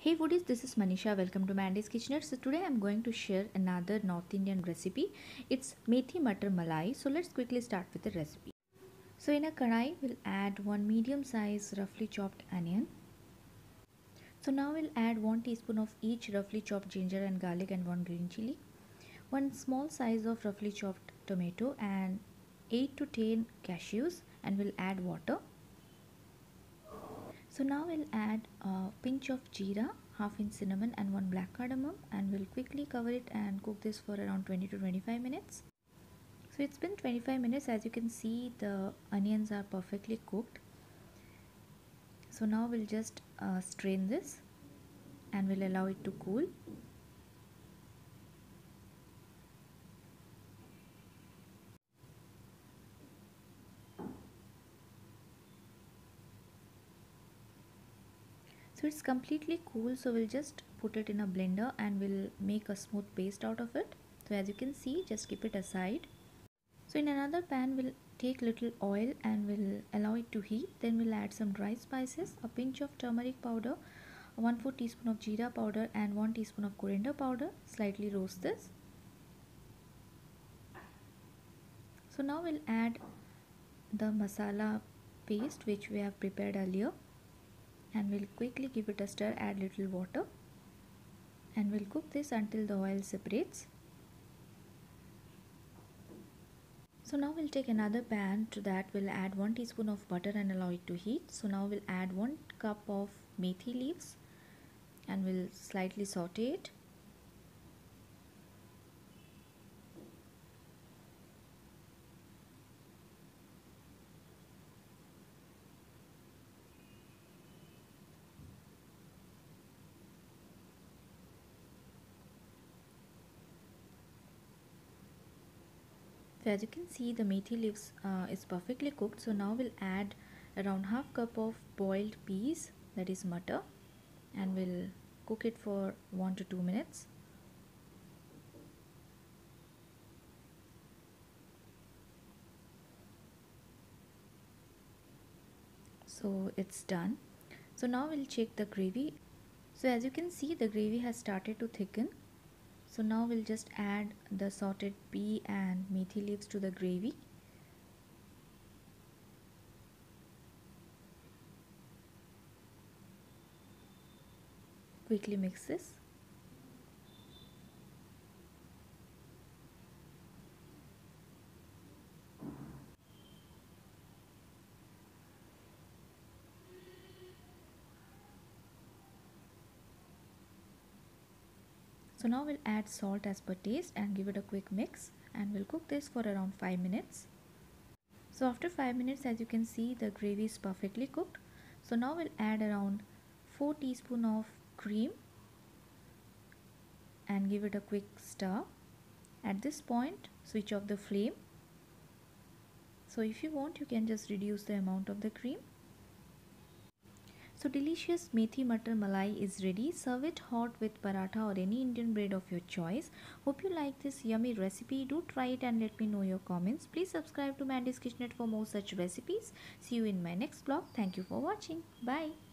Hey foodies, this is Manisha. Welcome to Mandy's Kitchener. So today I'm going to share another North Indian recipe. It's methi matar malai. So let's quickly start with the recipe. So in a kadai, we'll add one medium size roughly chopped onion. So now we'll add one teaspoon of each roughly chopped ginger and garlic and one green chili, one small size of roughly chopped tomato and 8 to 10 cashews and we'll add water. So now we'll add a pinch of jeera, half inch cinnamon and one black cardamom and we'll quickly cover it and cook this for around 20 to 25 minutes. So it's been 25 minutes as you can see the onions are perfectly cooked. So now we'll just uh, strain this and we'll allow it to cool. so it's completely cool so we'll just put it in a blender and we'll make a smooth paste out of it so as you can see just keep it aside so in another pan we'll take little oil and we'll allow it to heat then we'll add some dry spices a pinch of turmeric powder 1 4 teaspoon of jeera powder and 1 teaspoon of coriander powder slightly roast this so now we'll add the masala paste which we have prepared earlier and we'll quickly give it a stir add little water and we'll cook this until the oil separates so now we'll take another pan to that we'll add 1 teaspoon of butter and allow it to heat so now we'll add 1 cup of methi leaves and we'll slightly saute it so as you can see the methi leaves uh, is perfectly cooked so now we'll add around half cup of boiled peas that is mutter and we'll cook it for 1 to 2 minutes so it's done so now we'll check the gravy so as you can see the gravy has started to thicken so now we'll just add the sorted pea and methi leaves to the gravy quickly mix this So now we'll add salt as per taste and give it a quick mix and we'll cook this for around 5 minutes. So after 5 minutes as you can see the gravy is perfectly cooked. So now we'll add around 4 teaspoon of cream and give it a quick stir. At this point switch off the flame. So if you want you can just reduce the amount of the cream so delicious methi mutter malai is ready. Serve it hot with paratha or any Indian bread of your choice. Hope you like this yummy recipe. Do try it and let me know your comments. Please subscribe to Mandy's Kitchenette for more such recipes. See you in my next vlog. Thank you for watching. Bye.